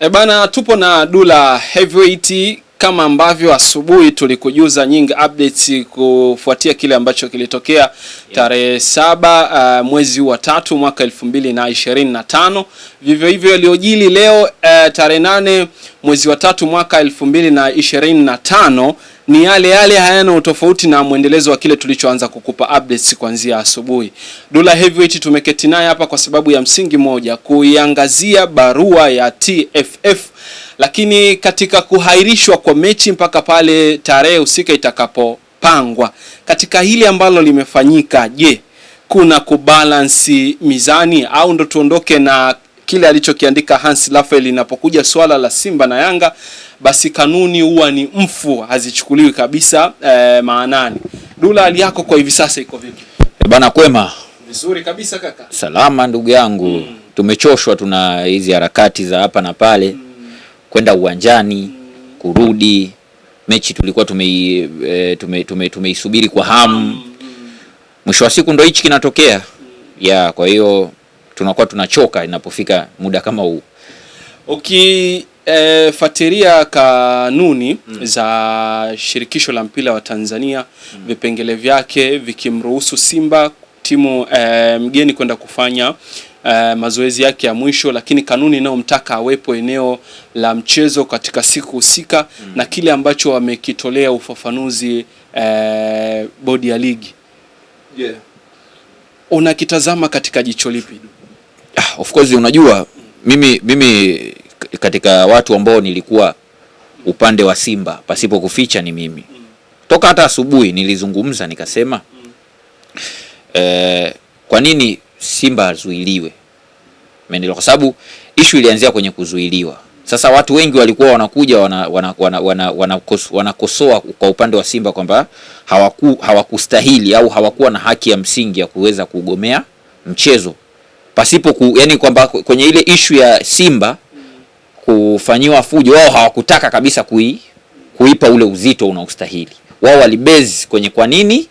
E bana, tupo na Dula Heavyweight kama ambavyo asubuhi tulikujuza nyingi updates kufuatia kile ambacho kilitokea tarehe saba uh, mwezi wa tatu mwaka elfu mbili na ishirini na tano. Vivyo hivyo yaliyojili leo uh, tarehe nane mwezi wa tatu mwaka elfu mbili na ishirini na tano ni yale yale, hayana utofauti na mwendelezo wa kile tulichoanza kukupa updates kuanzia asubuhi. Dula Heavyweight tumeketi naye hapa kwa sababu ya msingi moja, kuiangazia barua ya TFF, lakini katika kuhairishwa kwa mechi mpaka pale tarehe husika itakapopangwa. Katika hili ambalo limefanyika, je, kuna kubalansi mizani au ndo tuondoke na kile alichokiandika Hans Raphael, inapokuja swala la Simba na Yanga, basi kanuni huwa ni mfu, hazichukuliwi kabisa eh, maanani. Dula, hali yako kwa hivi sasa iko vipi? Bana, kwema vizuri kabisa kaka, salama ndugu yangu mm. Tumechoshwa, tuna hizi harakati za hapa na pale mm. kwenda uwanjani mm. kurudi mechi tulikuwa tumeisubiri eh, tume, tume, tume kwa hamu mm. mwisho mm. wa siku ndo hichi kinatokea mm. ya kwa hiyo tunakuwa tunachoka inapofika muda kama huu. Ukifuatilia e, kanuni mm. za shirikisho la mpira wa Tanzania mm. vipengele vyake vikimruhusu Simba timu e, mgeni kwenda kufanya Uh, mazoezi yake ya mwisho, lakini kanuni inayomtaka awepo eneo la mchezo katika siku husika mm. na kile ambacho wamekitolea ufafanuzi uh, bodi ya ligi yeah. Unakitazama katika jicho lipi? Ah, of course unajua mimi, mimi katika watu ambao nilikuwa upande wa Simba pasipo kuficha ni mimi toka hata asubuhi nilizungumza nikasema eh, kwa nini Simba azuiliwe? Umeelewa? Kwa sababu ishu ilianzia kwenye kuzuiliwa. Sasa watu wengi walikuwa wanakuja wanakosoa wana, wana, wana, wana wana kwa upande wa Simba kwamba hawaku, hawakustahili au hawakuwa na haki ya msingi ya kuweza kugomea mchezo pasipo ku, yani kwamba kwenye ile ishu ya Simba kufanyiwa fujo, wao hawakutaka kabisa kui, kuipa ule uzito unaostahili. Wao walibezi kwenye kwa nini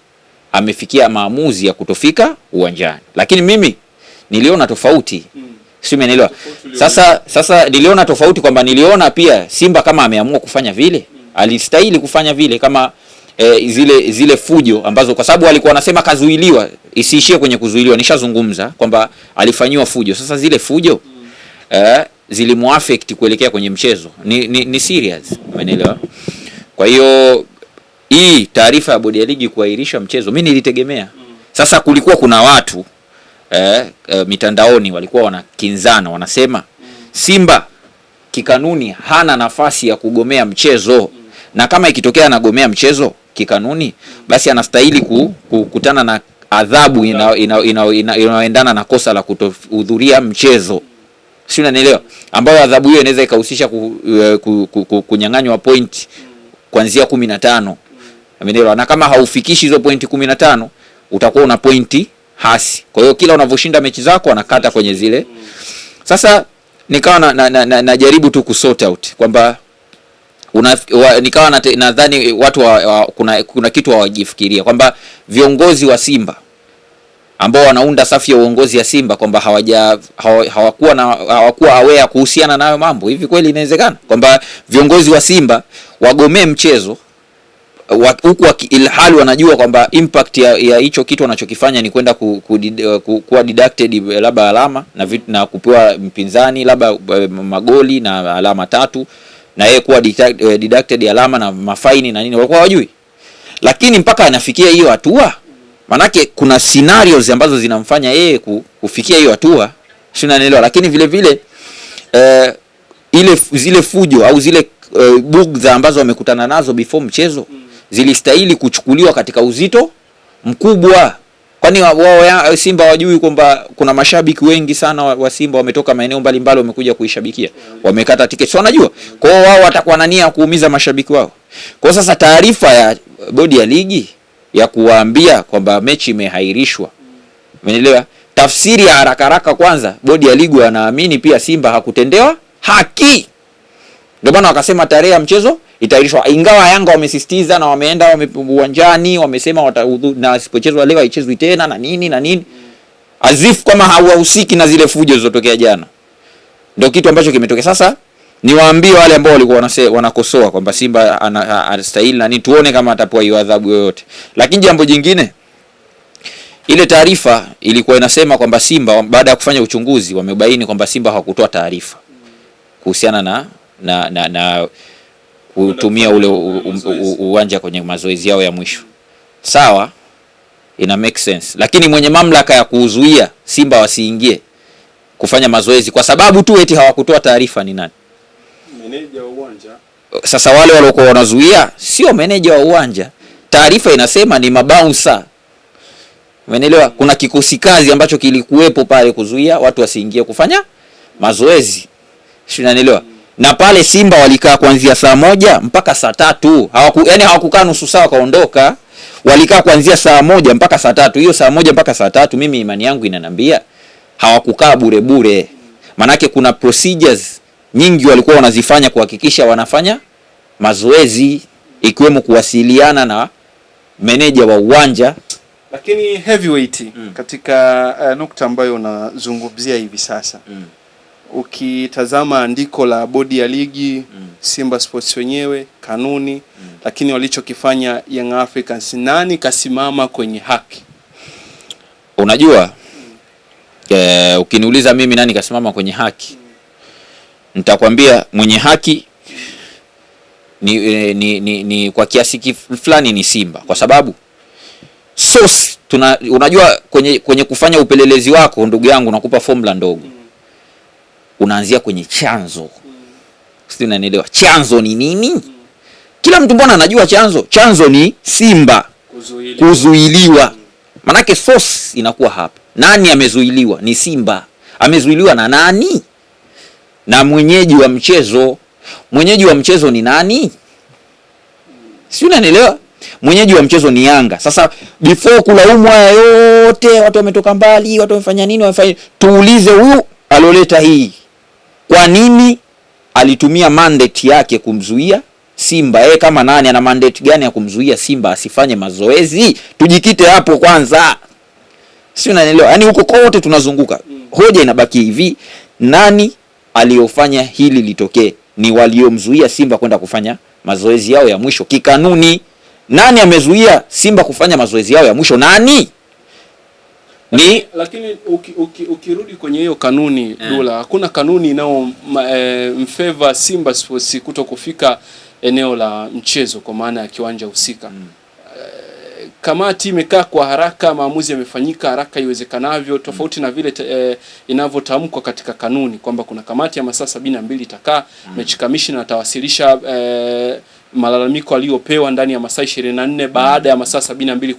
amefikia maamuzi ya kutofika uwanjani, lakini mimi niliona tofauti si Sasa, sasa niliona tofauti kwamba niliona pia Simba kama ameamua kufanya vile, alistahili kufanya vile kama e, zile zile fujo ambazo kwa sababu walikuwa wanasema kazuiliwa isiishie kwenye kuzuiliwa. Nishazungumza kwamba alifanyiwa fujo, sasa zile fujo eh, zilimuaffect kuelekea kwenye mchezo, ni, ni, ni serious, umeelewa? Kwa hiyo hii taarifa ya bodi ya ligi kuahirisha mchezo mimi nilitegemea. Sasa kulikuwa kuna watu eh, eh, mitandaoni walikuwa wanakinzana, wanasema Simba kikanuni hana nafasi ya kugomea mchezo, na kama ikitokea anagomea mchezo kikanuni, basi anastahili kukutana na adhabu inayoendana ina, ina, ina, ina na kosa la kutohudhuria mchezo, si unanielewa? Ambayo adhabu hiyo inaweza ikahusisha ku, eh, ku, ku, ku, kunyang'anywa point kuanzia kumi na tano, Na kama haufikishi hizo pointi kumi na tano utakuwa una pointi hasi. Kwa hiyo kila unavyoshinda mechi zako anakata kwenye zile. Sasa nikawa najaribu na, na, na, na tu kusort out kwamba wa, nikawa nadhani watu wa, wa, kuna, kuna kitu hawajifikiria wa kwamba viongozi wa Simba ambao wanaunda safu ya uongozi ya Simba kwamba hawaja hawakuwa na hawakuwa aware kuhusiana nayo mambo. Hivi kweli inawezekana kwamba viongozi wa Simba wagomee mchezo huku wa, ilhali wanajua kwamba impact ya hicho kitu wanachokifanya ni kwenda kuwa deducted eh, labda alama na, na kupewa mpinzani labda eh, magoli na alama tatu na yeye kuwa eh, deducted alama na mafaini na nini, walikuwa hawajui, lakini mpaka anafikia hiyo hatua, manake kuna scenarios ambazo zinamfanya yeye kufikia hiyo hatua, si unanielewa? Lakini vile vile eh, ile zile fujo au zile eh, bugdha ambazo wamekutana nazo before mchezo zilistahili kuchukuliwa katika uzito mkubwa Kwani wao eh, Simba wajui kwamba kuna mashabiki wengi sana wa Simba wametoka maeneo mbalimbali wamekuja kuishabikia, wamekata tiketi, so wanajua. Kwa hiyo wao watakuwa na nia ya kuumiza mashabiki wao. Kwa sasa taarifa ya bodi ya ligi ya kuwaambia kwamba mechi imehairishwa, umeelewa? Tafsiri ya haraka haraka, kwanza bodi ya ligi wanaamini pia Simba hakutendewa haki, ndio maana wakasema tarehe ya mchezo itairishwa, ingawa Yanga wamesisitiza na wameenda wame uwanjani wamesema watahudhu, na sipochezwa leo haichezwi tena na nini na nini, azifu kama hawahusiki na zile fujo zilizotokea jana. Ndio kitu ambacho kimetokea sasa. Niwaambie wale ambao walikuwa wanakosoa kwamba Simba anastahili na nini, tuone kama atapewa hiyo adhabu yoyote. Lakini jambo jingine, ile taarifa ilikuwa inasema kwamba Simba baada ya kufanya uchunguzi wamebaini kwamba Simba hawakutoa taarifa kuhusiana na na na, na kutumia ule uwanja kwenye mazoezi yao ya mwisho. Sawa, ina make sense, lakini mwenye mamlaka ya kuuzuia Simba wasiingie kufanya mazoezi kwa sababu tu eti hawakutoa taarifa ni nani? Meneja wa uwanja. Sasa wale waliokuwa wanazuia sio meneja wa uwanja, taarifa inasema ni mabouncer. Umeelewa? Kuna kikosi kazi ambacho kilikuwepo pale kuzuia watu wasiingie kufanya mazoezi, si unanielewa? na pale Simba walikaa kuanzia saa moja mpaka saa tatu hawaku, yani hawakukaa nusu saa wakaondoka, walikaa kuanzia saa moja mpaka saa tatu Hiyo saa moja mpaka saa tatu mimi imani yangu inanambia hawakukaa bure bure, manake kuna procedures nyingi walikuwa wanazifanya kuhakikisha wanafanya mazoezi, ikiwemo kuwasiliana na meneja wa uwanja. Lakini Heavyweight, mm. katika uh, nukta ambayo unazungumzia hivi sasa mm ukitazama andiko la bodi ya ligi mm. Simba Sports wenyewe kanuni mm. lakini walichokifanya Young Africans, nani kasimama kwenye haki? Unajua mm. e, ukiniuliza mimi nani kasimama kwenye haki mm. nitakwambia mwenye haki ni, eh, ni, ni, ni kwa kiasi fulani ni Simba kwa sababu source tuna, unajua kwenye, kwenye kufanya upelelezi wako ndugu yangu nakupa formula ndogo mm unaanzia kwenye chanzo, si unanielewa? Chanzo ni nini? Kila mtu mbona anajua chanzo. Chanzo ni Simba kuzuiliwa, Manake source inakuwa hapa. Nani amezuiliwa? Ni Simba. Amezuiliwa na nani? Na mwenyeji wa mchezo. Mwenyeji wa mchezo ni nani? Si unanielewa? Mwenyeji wa mchezo ni Yanga. Sasa before kulaumu haya yote, watu wametoka mbali, watu wamefanya nini, wamefanya, tuulize huyu aloleta hii kwa nini alitumia mandate yake kumzuia Simba? Yeye kama nani, ana mandate gani ya kumzuia Simba asifanye mazoezi? Tujikite hapo kwanza, si unanielewa? Yaani huko kote tunazunguka, hoja inabaki hivi, nani aliyofanya hili litokee? Ni waliomzuia Simba kwenda kufanya mazoezi yao ya mwisho kikanuni. Nani amezuia Simba kufanya mazoezi yao ya mwisho? Nani? ni lakini uki, uki, ukirudi kwenye hiyo kanuni yeah. Dula, hakuna kanuni inao e, eh, mfeva Simba Sports kuto kufika eneo la mchezo kwa maana ya kiwanja husika mm. E, kamati imekaa kwa haraka, maamuzi yamefanyika haraka iwezekanavyo, mm. tofauti mm. na vile e, inavyotamkwa katika kanuni kwamba kuna kamati ya masaa sabini na mbili itakaa mm. mechi kamishna atawasilisha e, malalamiko aliyopewa ndani ya masaa nne baada ya masaa mbili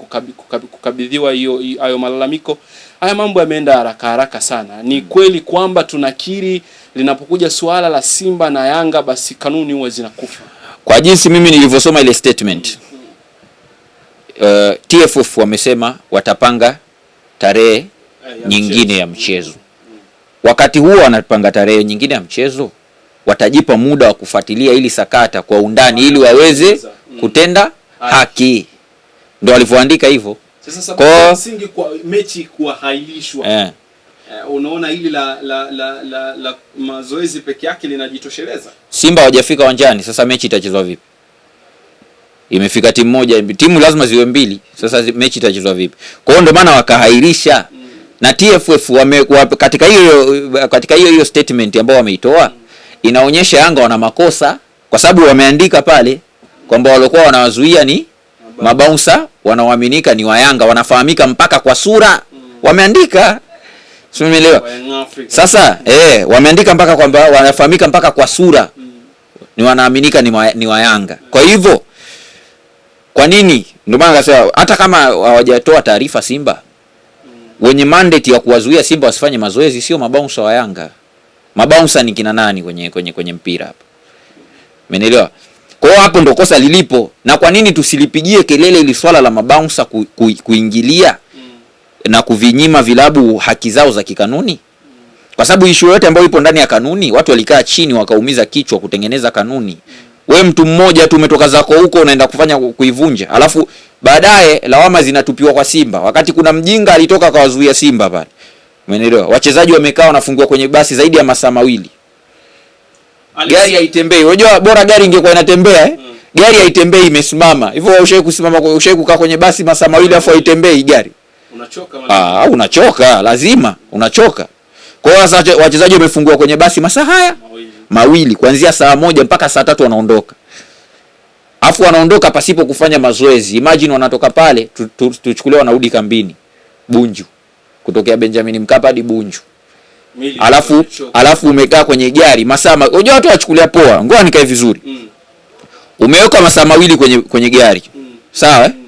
kukabidhiwa hiyo hayo malalamiko. Haya mambo yameenda haraka haraka sana. Ni hmm. kweli kwamba tunakiri, linapokuja suala la Simba na Yanga basi kanuni huwa zinakufa. Kwa jinsi mimi nilivyosoma ile statement uh, eh, TFF wamesema watapanga tarehe eh, nyingine ya mchezo, wakati huo wanapanga tarehe nyingine ya mchezo watajipa muda wa kufuatilia ili sakata kwa undani ili waweze mm. kutenda haki. ndo walivyoandika hivyo. kwa msingi kwa mechi kuahirishwa eh. Uh, unaona hili la, la, la, la, la mazoezi peke yake linajitosheleza. Simba hawajafika wanjani sasa mechi itachezwa vipi? Imefika timu moja, timu lazima ziwe mbili, sasa mechi itachezwa vipi? Kwa hiyo ndio maana wakahairisha mm. na TFF wame, wame, katika hiyo katika hiyo hiyo statement ambayo wameitoa mm inaonyesha Yanga wana makosa kwa sababu wameandika pale kwamba waliokuwa wanawazuia ni mabausa wanaoaminika ni Wayanga, wanafahamika mpaka kwa sura hmm. wameandika. Simeelewa sasa eh, wameandika mpaka kwamba wanafahamika mpaka kwa sura hmm. ni wanaaminika ni, wa, ni Wayanga Yanga. Kwa hivyo kwa nini? Ndio maana akasema hata kama hawajatoa taarifa Simba hmm. wenye mandate ya kuwazuia Simba wasifanye mazoezi sio mabausa wa Yanga. Mabouncer ni kina nani kwenye kwenye kwenye mpira hapa? Umeelewa? Kwa hiyo hapo ndo kosa lilipo. Na kwa nini tusilipigie kelele ili swala la mabouncer ku, ku, kuingilia mm. na kuvinyima vilabu haki zao za kikanuni? Mm. Kwa sababu ishu yote ambayo ipo ndani ya kanuni, watu walikaa chini wakaumiza kichwa kutengeneza kanuni. Mm. We mtu mmoja tu umetoka zako huko unaenda kufanya kuivunja, alafu baadaye lawama zinatupiwa kwa Simba, wakati kuna mjinga alitoka akawazuia Simba pale. Umeelewa? Wachezaji wamekaa wanafungua kwenye basi zaidi ya masaa mawili. Gari haitembei. Unajua bora gari ingekuwa inatembea eh? Hmm. Gari haitembei imesimama. Hivyo ushawahi kusimama kwa ushawahi kukaa kwenye basi masaa mawili afu haitembei gari. Unachoka maana. Ah, unachoka lazima, unachoka. Kwa hiyo sasa wachezaji wamefungua kwenye basi masaa haya mawili, mawili kuanzia saa moja mpaka saa tatu wanaondoka. Afu wanaondoka pasipo kufanya mazoezi. Imagine wanatoka pale tuchukuliwa tu, tu, wanarudi kambini Bunju kutokea Benjamin Mkapa hadi Bunju. Alafu alafu umekaa kwenye gari masaa, unajua watu wachukulia poa, ngoa nikae vizuri. Mm. Umeweka masaa mawili kwenye kwenye gari. Mm. Sawa eh? Mm.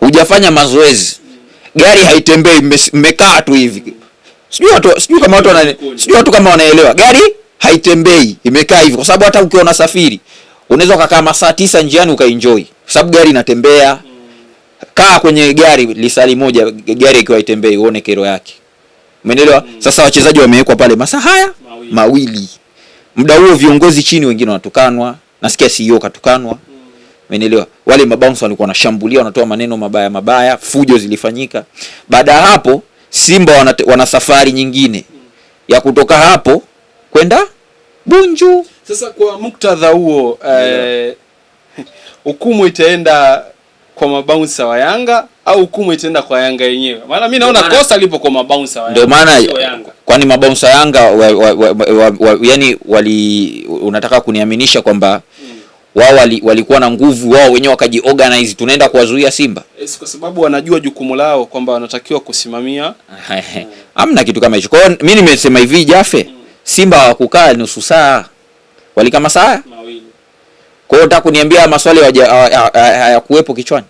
Hujafanya mazoezi. Mm. Gari haitembei, mmekaa tu hivi. mm. Sijui watu sijui kama watu wana sijui watu kama wanaelewa. Gari haitembei, imekaa hivi kwa sababu hata ukiona safari unaweza ukakaa masaa tisa njiani ukaenjoy sababu gari inatembea. Mm kaa kwenye gari lisali moja, gari ikiwa itembei, uone kero yake. Umeelewa? mm. Sasa wachezaji wamewekwa pale masaa haya mawili, mawili. Muda huo viongozi chini, wengine wanatukanwa, nasikia CEO katukanwa. Umeelewa? mm. Wale mabounce walikuwa wanashambulia, wanatoa maneno mabaya mabaya, fujo zilifanyika. Baada ya hapo Simba wana, wana safari nyingine ya kutoka hapo kwenda Bunju. Sasa kwa muktadha huo hukumu eh, itaenda kwa mabounsa wa Yanga au hukumu itaenda kwa Yanga yenyewe? Maana mimi naona kosa lipo kwa mabounsa wa Yanga. Ndio maana kwani mabounsa wa Yanga wa, wa, wa, wa, wa, wa, yani wali unataka kuniaminisha kwamba hmm. wao wali, walikuwa na nguvu wao wenyewe wakajiorganize, tunaenda kuwazuia Simba yes, eh, kwa sababu wanajua jukumu lao kwamba wanatakiwa kusimamia amna kitu kama hicho. Kwa hiyo mimi nimesema hivi Jafe, hmm. Simba hawakukaa nusu saa, walikaa masaa mawili. Kwa hiyo unataka kuniambia maswali hayakuwepo kichwani?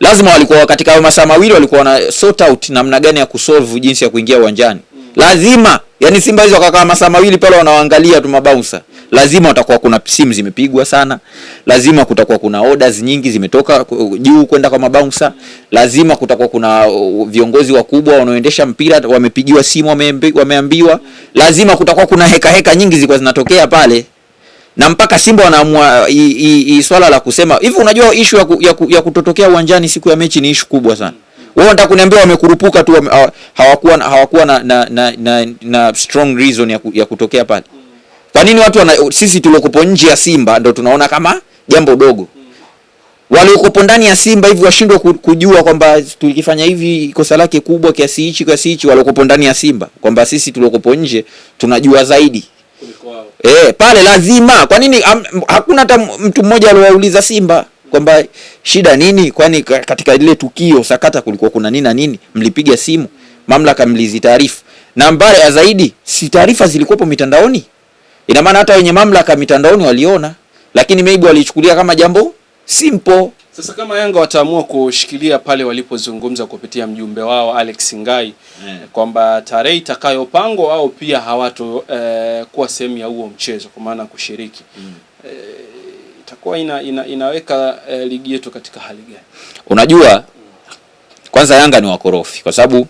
lazima walikuwa katika hayo masaa mawili walikuwa wana sort out namna gani ya kusolve jinsi ya kuingia uwanjani. Lazima yani Simba hizo wakakaa masaa mawili pale wanaangalia tu mabausa Lazima watakuwa kuna simu zimepigwa sana. Lazima kutakuwa kuna orders nyingi zimetoka juu kwenda kwa mabausa Lazima kutakuwa kuna uh, viongozi wakubwa wanaoendesha mpira wamepigiwa simu wameambiwa. Lazima kutakuwa kuna heka heka nyingi zilikuwa zinatokea pale na mpaka Simba wanaamua swala la kusema hivi. Unajua ishu ya, ku, ya, ku, ya kutotokea uwanjani siku ya mechi ni ishu kubwa sana. Wewe unataka kuniambia wamekurupuka tu wame, hawakuwa hawakuwa na, na, na, na, na strong reason ya, ku, ya kutokea pale. Kwa nini watu wana, sisi tuliokopo nje ya Simba ndo tunaona kama jambo dogo, waliokopo ndani ya Simba hivi washindwa kujua kwamba tulikifanya hivi kosa lake kubwa kiasi hichi kiasi hichi, waliokopo ndani ya Simba kwamba sisi tuliokopo nje tunajua zaidi e, pale lazima. Kwa nini am, hakuna hata mtu mmoja aliwauliza Simba kwamba shida nini? Kwani katika ile tukio sakata kulikuwa kuna nini na nini? Mlipiga simu mamlaka, mlizitaarifu, na mbaya zaidi, si taarifa zilikuwepo mitandaoni? Ina maana hata wenye mamlaka mitandaoni waliona, lakini maybe walichukulia kama jambo simple. Sasa kama Yanga wataamua kushikilia pale walipozungumza kupitia mjumbe wao Alex Ngai yeah, kwamba tarehe itakayopangwa au pia hawato eh, kuwa sehemu ya huo mchezo kwa maana kushiriki mm. eh, itakuwa ina, ina, inaweka eh, ligi yetu katika hali gani? Unajua, kwanza Yanga ni wakorofi kwa sababu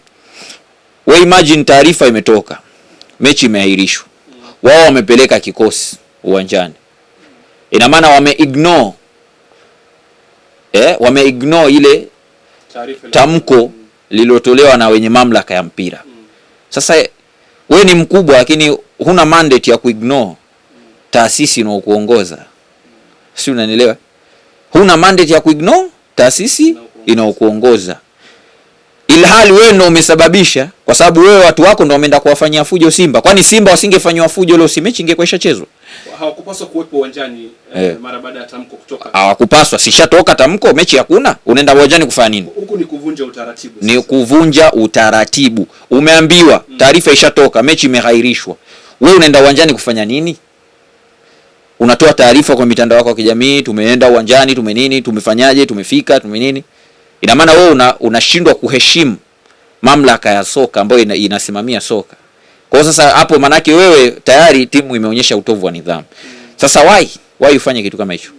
we imagine taarifa imetoka, mechi imeahirishwa, mm. wao wamepeleka kikosi uwanjani, ina maana wameignore eh, wameignore ile tamko lililotolewa na wenye mamlaka ya mpira. Sasa we ni mkubwa, lakini huna mandate ya kuignore taasisi inaokuongoza, si unanielewa? Huna mandate ya kuignore taasisi inaokuongoza ilhali wewe ndio umesababisha, kwa sababu wewe watu wako ndio wameenda kuwafanyia fujo Simba. Kwani Simba wasingefanywa fujo leo, si mechi ingekuwa ishachezwa? hawakupaswa kuwepo uwanjani eh, eh, mara baada ya tamko kutoka. Hawakupaswa, sishatoka tamko, mechi hakuna, unaenda uwanjani kufanya nini? Huku ni kuvunja utaratibu, ni kuvunja utaratibu. Umeambiwa mm. taarifa ishatoka, mechi imehairishwa, we unaenda uwanjani kufanya nini? Unatoa taarifa kwa mitandao yako ya kijamii, tumeenda uwanjani, tume nini, tumefanyaje, tumefika, tume nini. Ina maana wewe unashindwa una kuheshimu mamlaka ya soka ambayo ina, inasimamia soka. Kwa sasa hapo manake wewe tayari timu imeonyesha utovu wa nidhamu. Sasa why? Why ufanye kitu kama hicho?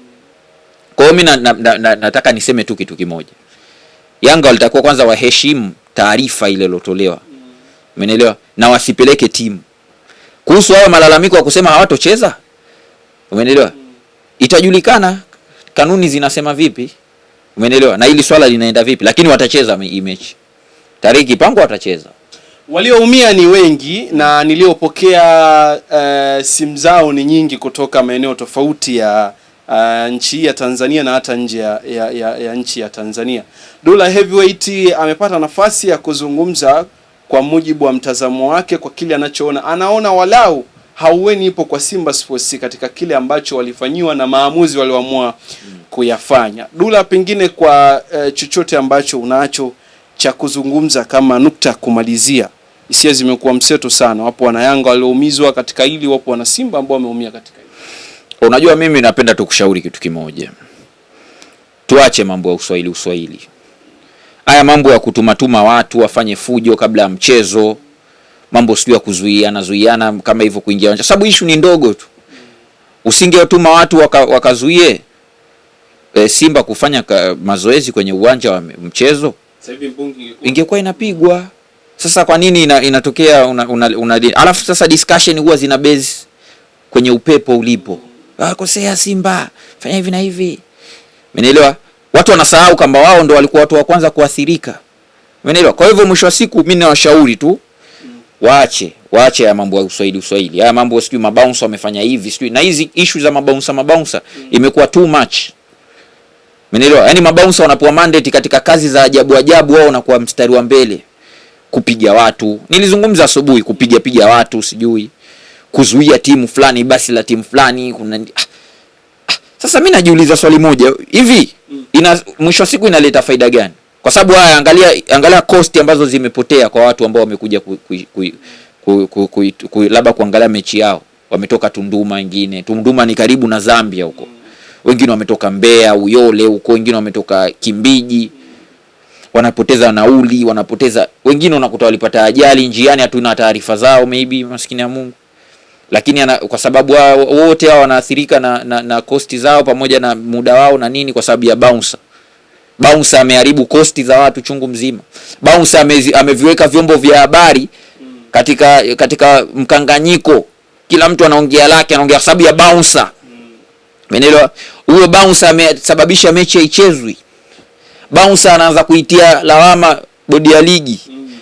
Kwa hiyo na, na, na, na, nataka niseme tu kitu kimoja. Yanga walitakuwa kwanza waheshimu taarifa ile lotolewa Umeelewa? Na wasipeleke timu. Kuhusu hayo malalamiko ya kusema hawatocheza? Umeelewa? Itajulikana kanuni zinasema vipi? Umeelewa? Na hili swala linaenda vipi? Lakini watacheza mechi. Tarehe kipangwa watacheza. Walioumia ni wengi na niliopokea uh, simu zao ni nyingi kutoka maeneo tofauti ya uh, nchi ya Tanzania na hata nje ya, ya, ya, ya nchi ya Tanzania. Dula Heavyweight amepata nafasi ya kuzungumza kwa mujibu wa mtazamo wake kwa kile anachoona. Anaona walau hauweni ipo kwa Simba Sports katika kile ambacho walifanyiwa na maamuzi walioamua kuyafanya. Dula, pengine kwa uh, chochote ambacho unacho cha kuzungumza kama nukta kumalizia hisia zimekuwa mseto sana. Wapo wana Yanga walioumizwa katika hili, wapo wana Simba ambao wameumia katika hili. Unajua, mimi napenda tukushauri kitu kimoja, tuache mambo ya uswahili uswahili, haya mambo ya kutumatuma watu wafanye fujo kabla ya mchezo, mambo sio ya kuzuiana zuiana kama hivyo kuingia uwanja, sababu issue ni ndogo tu. Usingetuma watu waka, wakazuie e, Simba kufanya mazoezi kwenye uwanja wa mchezo, ingekuwa inapigwa sasa kwa nini ina, inatokea unadini una, una, sasa discussion huwa zina base kwenye upepo ulipo. Ah, kosea Simba, fanya hivi na hivi. Umeelewa? Watu wanasahau kwamba wao ndo walikuwa watu wa kwanza kuathirika. Umeelewa? Kwa hivyo mwisho wa siku mimi nawashauri tu waache, waache ya mambo ya uswahili uswahili. Haya mambo sijui mabounce wamefanya hivi, sijui na hizi issue za mabounce mabounce mm. imekuwa too much. menelewa Yaani mabounce wanapoa mandate katika kazi za ajabu ajabu, wao wanakuwa mstari wa mbele kupiga watu. Nilizungumza asubuhi, kupiga piga watu, sijui kuzuia timu fulani, basi la timu fulani kuna ah. Ah. Sasa mimi najiuliza swali moja hivi, mm. ina mwisho wa siku inaleta faida gani? Kwa sababu haya, angalia angalia cost ambazo zimepotea kwa watu ambao wamekuja ku, labda kuangalia mechi yao, wametoka Tunduma, wengine Tunduma ni karibu na Zambia huko, mm. wengine wametoka Mbeya, Uyole huko, wengine wametoka Kimbiji wanapoteza nauli, wanapoteza wengine, unakuta walipata ajali njiani, hatuna taarifa zao, maybe maskini ya Mungu, lakini ana, kwa sababu wote hao wanaathirika na, na, na kosti zao pamoja na muda wao na nini, kwa sababu ya bouncer. Bouncer ameharibu kosti za watu chungu mzima. Bouncer ame, ameviweka vyombo vya habari katika katika mkanganyiko, kila mtu anaongea lake, anaongea kwa sababu ya bouncer. Umeelewa? Huyo bouncer amesababisha mechi haichezwi bouncer anaanza kuitia lawama bodi ya ligi mm.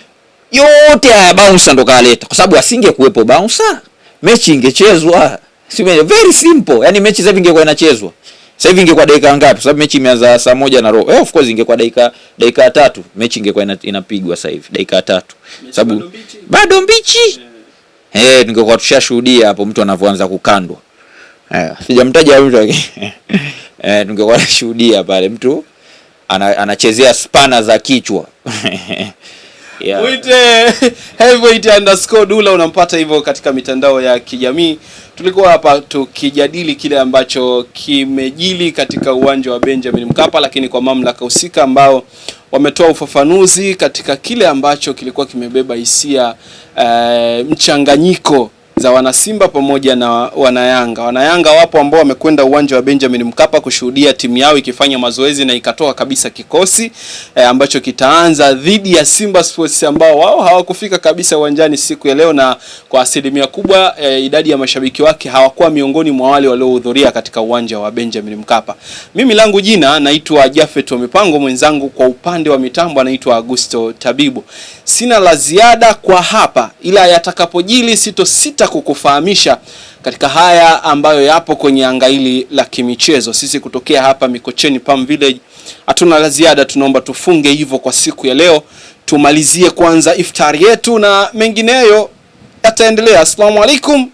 Yote haya bouncer ndo kaleta, kwa sababu asingekuwepo bouncer mechi ingechezwa, si very simple. Yani mechi sasa ingekuwa inachezwa sasa hivi ingekuwa dakika ngapi? Sababu mechi imeanza saa moja na roho Eh, of course ingekuwa dakika dakika ya tatu mechi ingekuwa inapigwa sasa hivi dakika ya tatu, sababu bado mbichi eh, yeah. Hey, ningekuwa tushashuhudia hapo mtu anavyoanza kukandwa eh, sijamtaja mtu eh, ningekuwa nashuhudia pale mtu ana, anachezea spana za kichwa yeah. Heavyweight underscore Dula, unampata hivyo katika mitandao ya kijamii. Tulikuwa hapa tukijadili kile ambacho kimejili katika uwanja wa Benjamin Mkapa, lakini kwa mamlaka husika ambao wametoa ufafanuzi katika kile ambacho kilikuwa kimebeba hisia e, mchanganyiko za wanasimba pamoja na wanayanga. Wanayanga wapo ambao wamekwenda uwanja wa Benjamin Mkapa kushuhudia timu yao ikifanya mazoezi na ikatoa kabisa kikosi e, ambacho kitaanza dhidi ya Simba Sports ambao wao hawakufika kabisa uwanjani siku ya leo, na kwa asilimia kubwa e, idadi ya mashabiki wake hawakuwa miongoni mwa wale waliohudhuria katika uwanja wa Benjamin Mkapa. Mimi langu jina naitwa Jafet wa Mipango, mwenzangu kwa upande wa mitambo anaitwa Augusto Tabibu. Sina la ziada kwa hapa, ila yatakapojili sito sita kabisa kukufahamisha katika haya ambayo yapo kwenye anga hili la kimichezo. Sisi kutokea hapa Mikocheni Palm Village hatuna la ziada, tunaomba tufunge hivyo kwa siku ya leo, tumalizie kwanza iftari yetu na mengineyo yataendelea. Assalamu alaikum.